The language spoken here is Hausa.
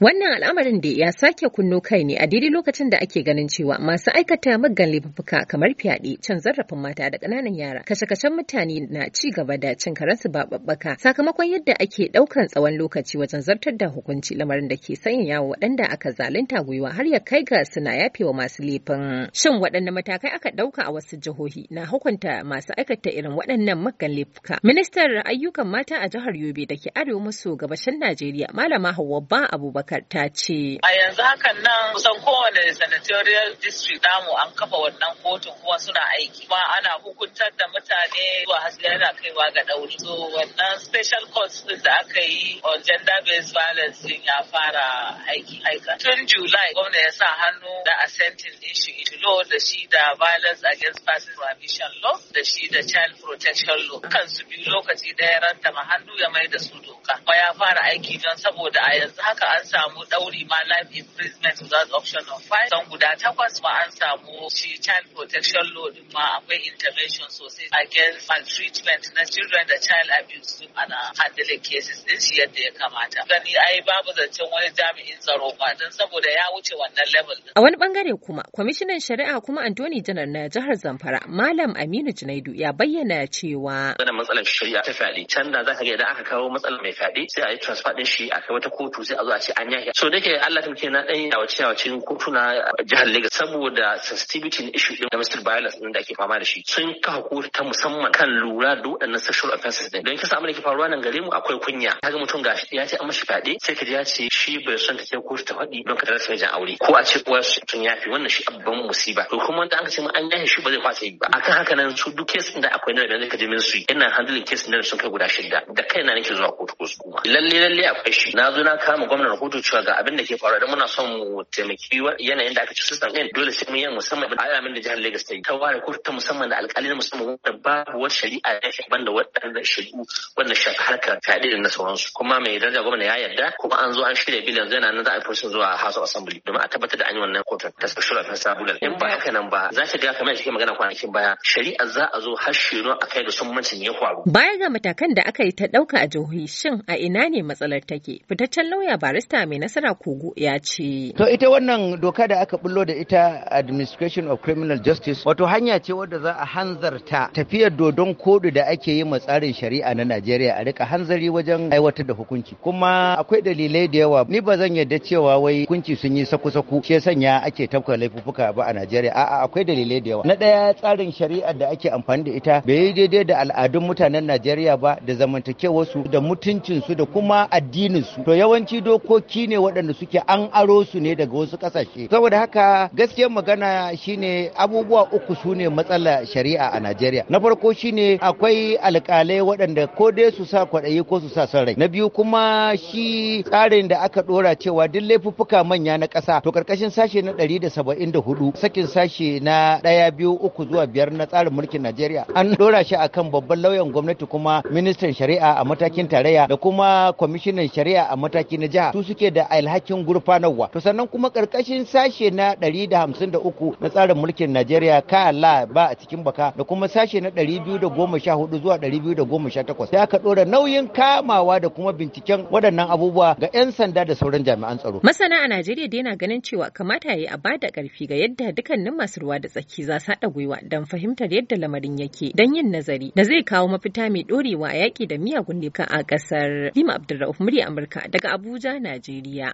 Wannan al'amarin da ya sake kunno kai ne a daidai lokacin da ake ganin cewa masu aikata maggan laifuka kamar fyaɗe, can, zarrafin mata da ƙananan yara, kashe-kashen mutane na ci gaba da cin karansu ba babbaka sakamakon yadda ake ɗaukan tsawon lokaci wajen zartar da hukunci lamarin da ke sanya yawo waɗanda aka zalunta gwiwa har ya kai ga suna yafewa masu laifin. Shin waɗanne matakai aka ɗauka a wasu jihohi na hukunta masu aikata irin waɗannan maggan laifuka? Ministar ayyukan mata a jihar Yobe da ke arewa maso gabashin Najeriya Malama Hauwa Ba Abubakar abubakar ta ce a yanzu hakan nan kusan kowane senatorial district damu an kafa wannan kotun kuma suna aiki kuma ana hukuntar da mutane zuwa hasken yana kaiwa ga ɗauri so wannan special court din da aka yi on gender based violence ya fara aiki aika tun july gwamna ya sa hannu da assenting din shi law da shi da violence against person prohibition law da shi da child protection law su biyu lokaci ɗaya ranta hannu ya mai da su doka kuma ya fara aiki don saboda a yanzu haka an samu ɗauri ma life imprisonment without option of fine don guda takwas ma an samu shi child protection law din ma akwai intervention sosai against maltreatment na children da child abuse din ana handling cases din shi yadda ya kamata gani ai babu zancen wani jami'in tsaro ba don saboda ya wuce wannan level a wani bangare kuma kwamishinan shari'a kuma Anthony Janar na jihar Zamfara Malam Aminu Junaidu ya bayyana cewa wannan matsalar shari'a ta fyaɗe can da zaka ga idan aka kawo matsalar mai fyaɗe sai a yi transfer din shi a kai wata kotu sai a zo a ce an yahya so da ke allah ta muke na yawa yawace yawacin kotuna jihar lagos saboda sensitivity na issue din domestic violence din da ake fama da shi sun kafa kotu ta musamman kan lura da wadannan sexual offenses din don kisa amma da ke faruwa nan gare mu akwai kunya kaga mutum ga ya ce an mashi fade sai ka ji ya ce shi bai son ta ce kotu ta faɗi don ka tare sai jan aure ko a ce uwar sun yafi wannan shi abban musiba to kuma wanda aka ka ce an yafe shi ba zai kwasa ba akan haka nan su duk case din da akwai na da zai ka min su ina handling kes din sun kai guda shida da kaina nake zuwa kotu ko su kuma lalle lalle akwai shi na zo na kama gwamnatin kotu gudu cewa ga abin da ke faruwa idan muna son mu taimaki yanayin da aka ci system din dole sai mun yi musamman ayyamin da jihar Lagos ta yi ta ware kurta musamman da alƙalin musamman wanda babu wata shari'a da ke banda waɗanda shari'u wanda shafi harkar fyaɗe da na sauransu kuma mai daraja gwamna ya yarda kuma an zo an shirya bil yanzu yana nan za a fi zuwa House of Assembly domin a tabbatar da an yi wannan kotun ta shura ta sabula in ba haka nan ba za ta ga kamar yadda magana kwanakin baya shari'a za a zo har shiru a kai da summancin ya faru baya ga matakan da aka yi ta ɗauka a jihohi shin a ina ne matsalar take fitaccen lauya barista mai nasara kogo ya ce to ita wannan doka da aka bullo da ita administration of criminal justice wato hanya ce wadda za a hanzarta tafiyar dodon kodu da ake yi ma tsarin shari'a na najeriya a rika hanzari wajen aiwatar da hukunci kuma akwai dalilai da yawa ni ba zan yarda cewa wai hukunci sun yi saku-saku shi sanya ake tafka laifuka ba a najeriya a'a akwai dalilai da yawa na ɗaya tsarin shari'a da ake amfani da ita bai yi daidai da al'adun mutanen najeriya ba da zamantakewarsu da mutuncin su, da kuma addinin su. to yawanci dokoki shi ne waɗanda suke an aro su ne daga wasu ƙasashe saboda haka gaskiyar magana shi ne abubuwa uku su ne matsala shari'a a Najeriya na farko shi ne akwai alƙalai waɗanda ko dai su sa kwaɗayi ko su sa son rai na biyu kuma shi tsarin da aka ɗora cewa duk laifuffuka manya na ƙasa to karkashin sashe na ɗari da saba'in da hudu sakin sashe na ɗaya biyu uku zuwa biyar na tsarin mulkin Najeriya an ɗora shi kan babban lauyan gwamnati kuma ministan shari'a a matakin tarayya da kuma kwamishinan shari'a a mataki na jiha su suke suke da alhakin gurfanarwa to sannan kuma karkashin sashe na 153 na tsarin mulkin Najeriya ka la ba a cikin baka da kuma sashe na 214 zuwa 218 sai aka dora nauyin kamawa da kuma binciken waɗannan abubuwa ga 'yan sanda da sauran jami'an tsaro masana a Najeriya da yana ganin cewa kamata ya yi a bada karfi ga yadda dukkanin masu ruwa da tsaki za su haɗa gwiwa don fahimtar yadda lamarin yake don yin nazari da zai kawo mafita mai dorewa a yaƙi da miyagun laifuka a ƙasar Lima Abdulrahman Amurka daga Abuja Najeriya Najeriya.